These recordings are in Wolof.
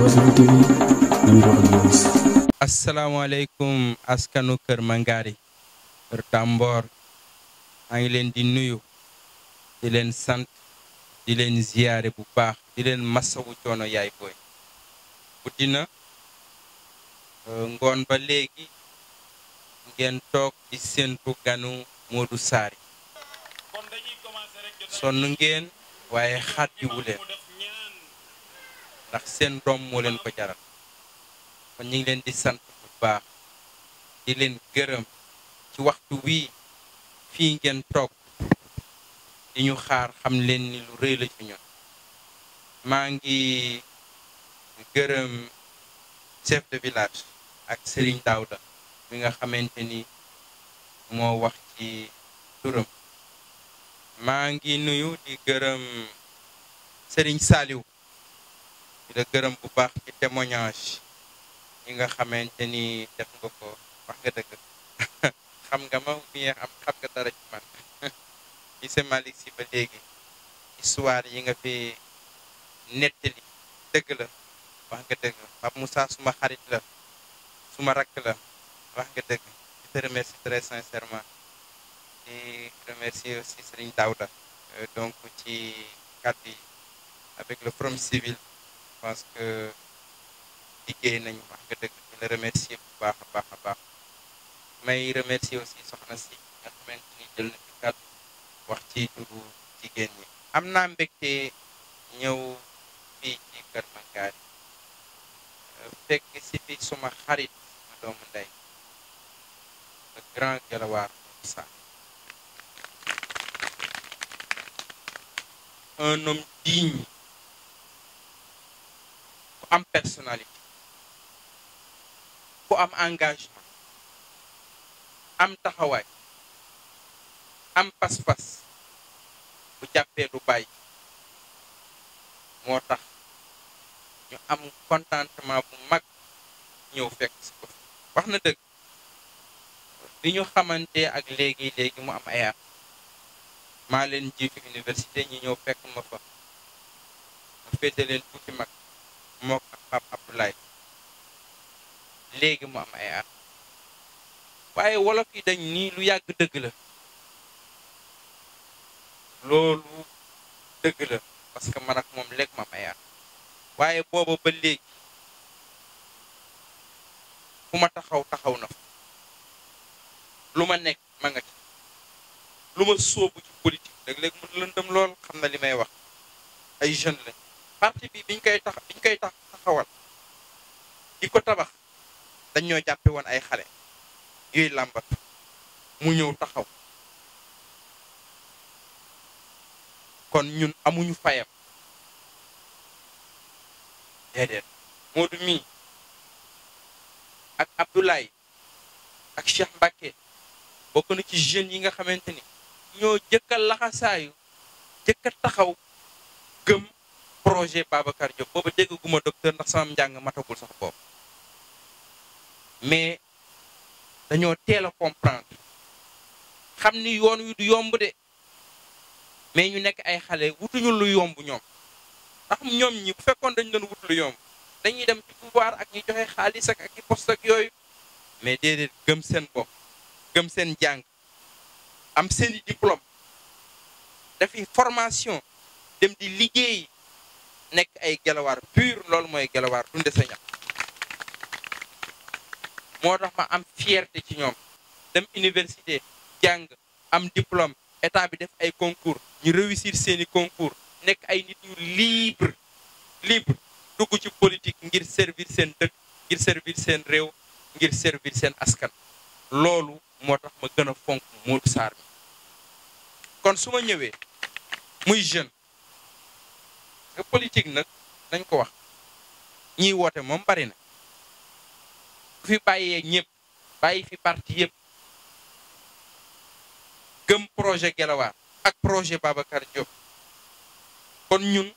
Wassare TV askanu Kër Mangari Kër Tambor maa ngi leen di nuyu di leen sant di leen ziyaare bu baax di leen masawu coono yaay booy guddi na euh, ngoon ba léegi ngeen toog di séentu ganu Modou Sarr sonn ngeen waaye xàddiwu leen ndax seen doom moo leen ko jaral kon ñu ngi leen di sant bu baax di leen gërëm ci waxtu wii fii ngeen toog di ñu xaar xam leen ni lu rëy la ci ñun maa ngi gërëm chef de village ak Serigne Daouda mi nga xamante ni moo wax ci turam maa ngi nuyu di gërëm Serigne Saliou di la gërëm bu baax ci témoignage yi nga xamante ni def nga ko wax nga dëgg xam nga ma bien am xam nga dara ci man ci sa malik si ba léegi histoire yi nga fi nettali dëgg la wax nga dëgg Pape Moussa suma xarit la suma rakk la wax nga dëgg di te remercie très sincèrement di remercier aussi Serigne Daouda euh, donc ci kàddu yi avec le Forum Civil pense que liguey nañu wax nga dëgg ñu la remercier bu baax a baax a baax may remercier aussi soxna si nga xamante ni jël na ci kàddu wax ci turu jigéen ñi am naa mbégte ñëw fii ci Kër Mankari fekk eh, si fi suma xarit ma doomu ndey le grand gelawaar sa un homme digne am personnalité ku am engagement am taxawaay am pas bu jàppee du bàyyi moo tax ñu am contentement bu mag ñëw fekk si ko wax na dëgg bi ñu xamante ak léegi léegi mu am ay at maa leen jiitu université ñi ñëw fekk ma fa ma féete leen tuuti mag moo ko Pape Abdoulaye léegi mu am ay at waaye wolof yi dañ nii lu yàgg dëgg la loolu dëgg la parce que man ak moom léegi mu am ay at waaye booba ba léegi fu ma taxaw taxaw na fa lu ma nekk ma nga ci lu ma soobu ci politique léeg-léeg mu lëndëm lool xam na li may wax ay jeune lañ parti bi biñ koy tax biñ koy tax taxawal di ko tabax ñoo jàppe woon ay xale yuy làmbatu mu ñëw taxaw kon ñun amuñu fayam déedéet Modou mi ak Abdoulaye ak Cheikh Mbacké bokk na ci jeune yi nga xamanteni ñoo jëkkal laxasaayu jëkkal taxaw gëm projet Babacar Diop booba dégguma docteur ndax sama njàng matagul sax boobu mais dañoo teel a comprendre xam ni yoon wi du yomb de mais ñu nekk ay xale wutuñu lu yomb ñoom ndax ñoom ñi bu fekkoon dañu doon wut lu yomb dañuy dem ci pouvoir ak ñi joxe xaalis ak ak i yooyu mais déedéet gëm seen bopp gëm seen jàng am seen i dafi formation dem di liggéey nekk ay gelawaar pur loolu mooy gelawaar dunde sa ñax moo tax ma am fierté ci ñoom dem iniversité jàng am diplôme état bi def ay concours ñu réussir seeni concours nekk ay nit ñu libre libre dugg ci politique ngir servir seen dëkk ngir servir seen réew ngir servir seen askan loolu moo tax ma gën a fonk Modou Sarr mi kon su ma ñëwee muy jeune nga politique nag nañ ko wax ñiy woote moom bari na ku fi bàyyee ñëpp bàyyi fi parti yëpp gëm projet Guelwaar ak projet Babacar Diop kon ñun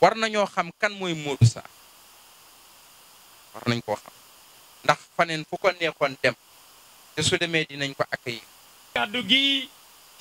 war nañoo xam kan mooy Modou Sarr war nañ koo xam ndax faneen fu ko neexoon dem te su demee dinañ ko accueillir kàddu gi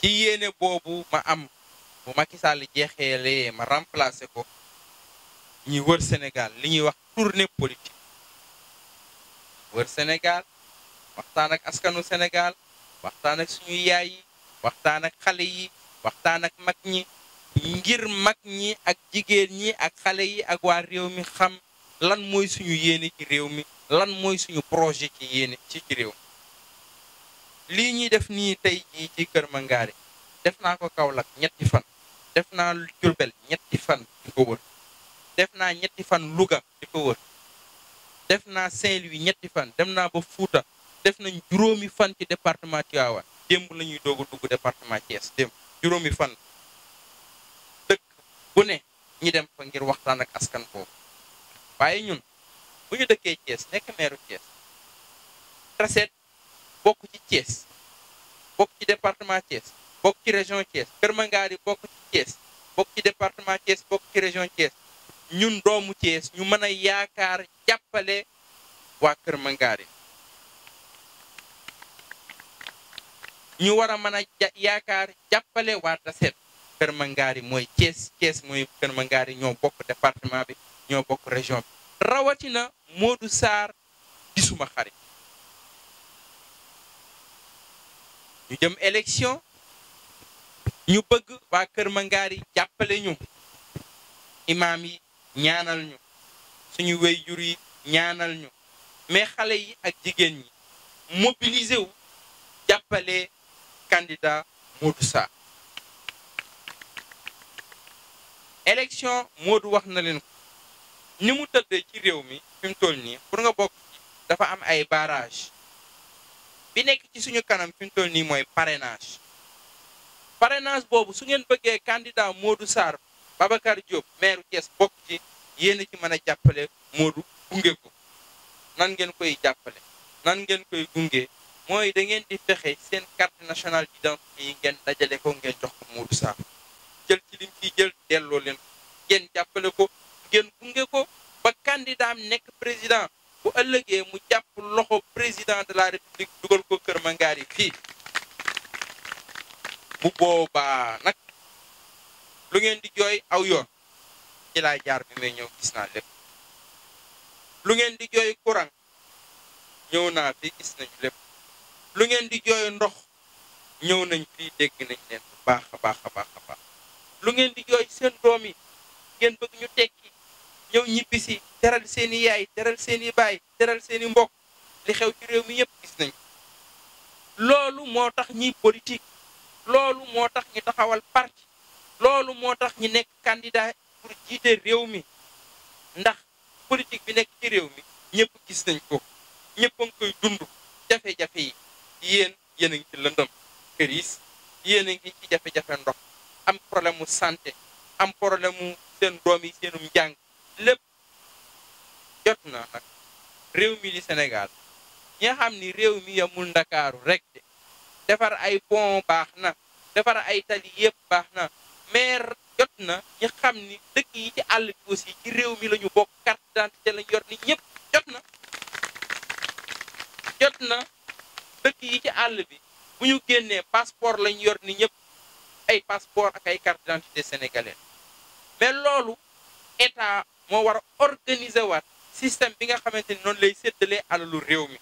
ci yéene boobu ma am bu Macky Sall jeexeelee ma remplacé ko ñi wër senegal li ñuy wax tournée politique wër senegal waxtaan ak askanu Sénégal waxtaan ak suñu yaay yi waxtaan ak xale yi waxtaan ak mag ñi ngir mag ñi ak jigéen ñi ak xale yi ak waa réew mi xam lan mooy suñu yéene ci réew mi lan mooy suñu projet ci yéene ci ci réew mi lii ñuy def nii tey jii ci Kër Mangaare def naa ko kawlak ñetti fan def naa Jurbel ñetti fan di ko wër def naa ñetti fan Louga di ko wër def naa Saint-Louis ñetti fan dem naa ba Fuuta def nañ juróomi fan ci département Tivaouane démb la ñuy doog a dugg département Thiès démb juróomi fan dëkk bu ne ñi dem fa ngir waxtaan ak askan boobu waaye ñun bu ñu dëkkee Thiès nekk meeru Thiès bokk de Thiès bokk de département Thiès bokk de região Thiès Kër Mangaari bokk ci Thiès bokk ci département Thiès bokk ci région Thiès ñun doomu Thiès ñu mën a yaakaar jàppale waa Kër Mangaari ñu war a mën a yaakaar jàppale waa Tassette Kër Mangaari mooy Thiès Thiès mooy Kër Mangaari ñoo département rawatina Modou Sarr di suma ñu jëm élection ñu bëgg waa Kër Mangaar yi jàppale ñu imaam yi ñaanal ñu suñu jur yi ñaanal ñu mais xale yi ak jigéen ñi mobiliser wu jàppale candidat Modou Sarr élection wax na leen ko ni mu tëddee ci réew mi fi mu toll nii pour nga bokk dafa am ay barrage bi nekk ci suñu kanam fi mu toll nii mooy parrainage parrainage boobu su ngeen bëggee candidat Modou saar Babacar Diop maire Thiès bokk ci yéen a ci mën a jàppale Modou gunge ko nan ngeen koy jàppale nan ngeen koy gunge mooy da ngeen di fexe seen carte national d'identité yi ngeen dajale ko ngeen jox ko Modou Sarr jël ci lim ciy jël delloo leen ko ngeen jàppale ko ngeen gunge ko ba candidat nekk président bu ëllëgee mu jàpp loxo président de la république dugal ma ngaari fii bu boobaa nag lu ngeen di jooy aw yoon ci laa jaar bi may ñëw gis naa lépp lu ngeen di jooy courant ñëw na fi gis nañu lépp lu ngeen di jooy ndox ñëw nañ fii dégg nañ leen baax baax baax lu ngeen di jooy seen doom yi bëgg ñu tekki ñëw ñibbisi teral seeni yaay teral seeni baay teral seeni mbokk li xew ci réew mi yëpp gis nañ loolu moo tax ñi politique loolu moo tax ñi taxawal parti loolu moo tax ñi nekk candidat pour jiite réew mi ndax politique bi nekk ci réew mi ñëpp gis nañ ko ñëpp a koy dund jafe-jafe yi yéen yéen a ci lëndëm këriis yéen ci jafe-jafe ndox am problème mu santé am problème mu seen doom yi seenum njàng lépp jot na nag réew mi di Sénégal ñi nga xam ni réew mi yamul ndakaaru rek defar ay pont baax na defar ay tali yëpp baax na mais jot na ñu xam ni dëkk yi ci àll bi réew mi la ñu bokk carte d'identité lañu yor ñëpp jot na jot na dëkk yi ci àll bi bu ñu génnee passeport lañ yor ni ñëpp ay passeport ak ay carte d'identité sénégalaise mais loolu état moo war a organiser waat système bi nga xamante ni noonu lay séddalee alalu réew mi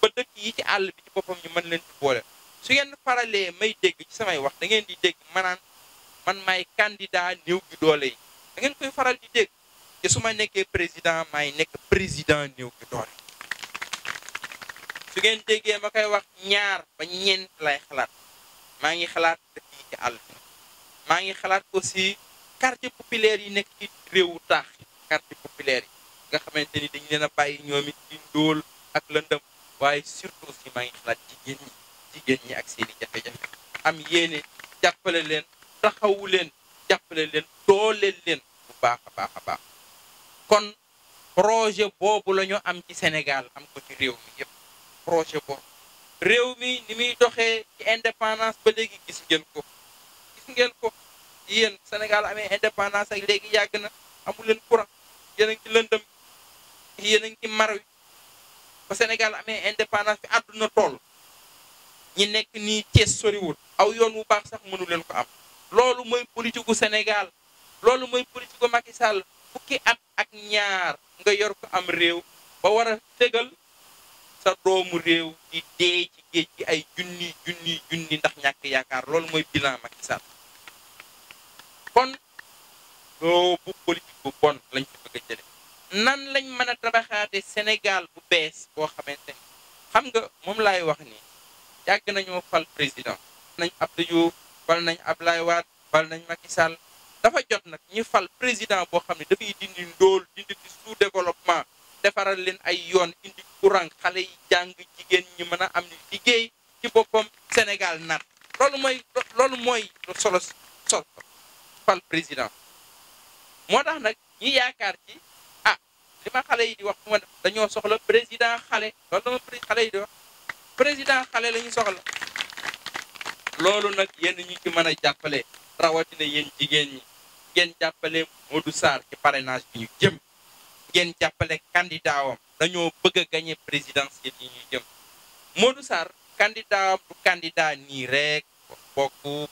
ba dëkk yi ci àll bi ci boppam ñu mën leen ci boole su ngeen faralee may dégg ci samay wax da ngeen di dégg manaan man may candidat néew gi doole yi da ngeen koy faral di dégg te su ma nekkee président maay nekk président néew gi doole su ngeen déggee ma koy wax ñaar ba ñeent lay xalaat maa ngi xalaat dëkk yi ci àll maa ngi xalaat aussi quartier populaire yi nekk ci réewu taax quartier populaire yi nga xamante ni dañu leen a bàyyi ñoom it ci ndóol ak lëndëm waaye surtout aussi maa ngi xalaat jigéen ñi jigéen ñi ak seen jafe-jafe am yéene jàppale leen taxawu leen jàppale leen dooleel leen bu baax a baax kon projet boobu la ñu am ci Sénégal am ko ci réew mi yëpp projet boobu réew mi ni muy doxee ci indépendance ba léegi gis ngeen ko gis ngeen ko yéen Sénégal amee indépendance ak léegi yàgg na amu leen courant yéen a ci lëndëm yéen a ngi ci mar ba senegal amé indépendance fi aduna toll ñi ni nii sori soriwul aw yoon wu baax sax mënu leen ko am lolu moy politique gu senegal lolu mooy politique gu Macky Sall fukki at ak ñaar nga yor ko am rew ba wara tegal sa doomu rew di dé ci géej ci ay junni junni junni ndax ñak yaakar lolu moy bilan Macky Sall kon do bu politique bu bon lañ ci bëgg jëlé nan lañ mën a tabaxaate Sénégal bu bees boo xamante ni xam nga moom lay wax ni yàgg nañoo fal président nañ Abdou Diouf fal nañ Abdoulaye Wade fal nañ Macky Sall dafa jot nag ñu fal président boo xam ne dafay dindi ndóol dindi ci sous développement defaral leen ay yoon indi courant xale yi jàng jigéen ñi mën a am liggéey ci boppam Sénégal naat loolu mooy loolu mooy solo sol fal président moo tax nag ñi yaakaar ci li xalé yi di wax ma dañoo soxla président xalé loolu dama pri xalé yi di wax président xalé lañu soxla loolu nag yéen ñu ci mën a jàppale rawatina yéen jigéen ñi ngeen jàppale Modou Sarr ci parrainage bi ñu jëm ngeen jàppale candidat wam dañoo bëgg a gagné présidentielle yi ñu jëm Modou Sarr candidat bu candidat nii rek bokk pour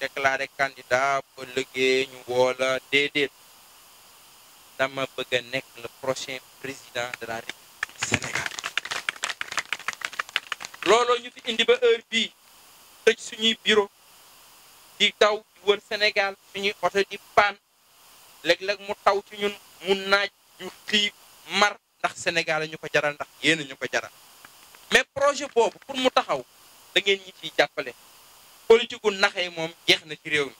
déclarer candidat bu liggéey ñu woola déedéet dama ma bëgg presiden nekk le prochain président de la République du Sénégal ñu fi indi ba heure bii tëj bureau di taw di wër Sénégal suñuy oto di paan léeg-léeg mu taw ci ñun mu naaj ñu mar ndax Sénégal ñu ko jaral ndax yéen ñu ko jaral mais projet boobu pour mu taxaw da ngeen ñi ciy jàppale politique naxee moom jeex na ci réew mi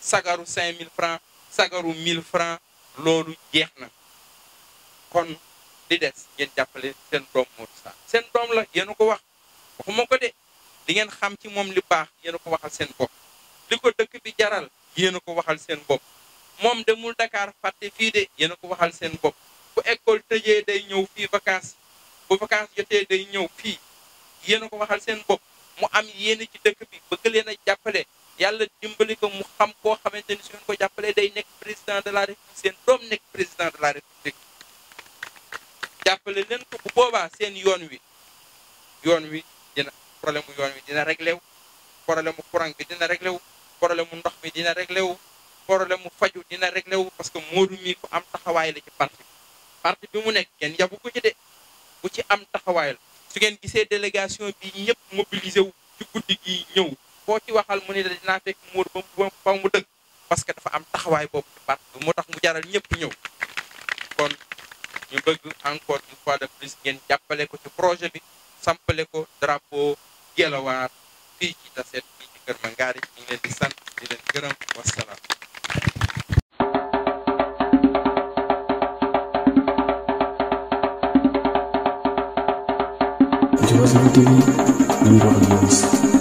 sagaru 5000 francs sagaru 1000 francs loolu jeex na kon di des ngeen jàppale seen doom Modou Sarr seen doom la yéen a ko wax waxuma ko de di ngeen xam ci moom li baax yéen a ko waxal seen bopp li ko dëkk bi jaral yéen a ko waxal seen bopp moom demul Dakar fàtte fii de yéen a ko waxal seen bopp bu école tëjee day ñëw fii vacances bu vacances jotee day ñëw fii yéen a ko waxal seen bopp mu am yéen ci dëkk bi bëgg leen jàppale yàlla dimbali ko mu xam koo xamante ni su ngeen ko jàppalee day nekk président de la république seen doom nekk président de la république jàppale leen ko bu boobaa seen yoon wi yoon wi dina problème mu yoon wi dina réglé wu problème mu courant bi dina réglé wu problème mu ndox mi dina réglé wu problème mu faju dina réglé wu parce que Modou mii ko am taxawaay la ci parti bi parti bi mu nekk kenn yabu ko ci de bu ci am taxawaay la su ngeen gisee délégation bi ñëpp mobilisé wu ci guddi gi ñëw ko ci waxal mu ni dinaa fekk muur ba ba mu deug parce que dafa am taxaway bop ci mu tax mu jaral ñepp ñew kon ñu bëgg encore une fois de plus gën jappalé ko ci projet bi sampalé ko drapeau Guelwaar fi ci taseet fii ci Kër mangari ñu leen di sant di leen gërëm wasalaam Jawa Sari TV, Wiro Adios.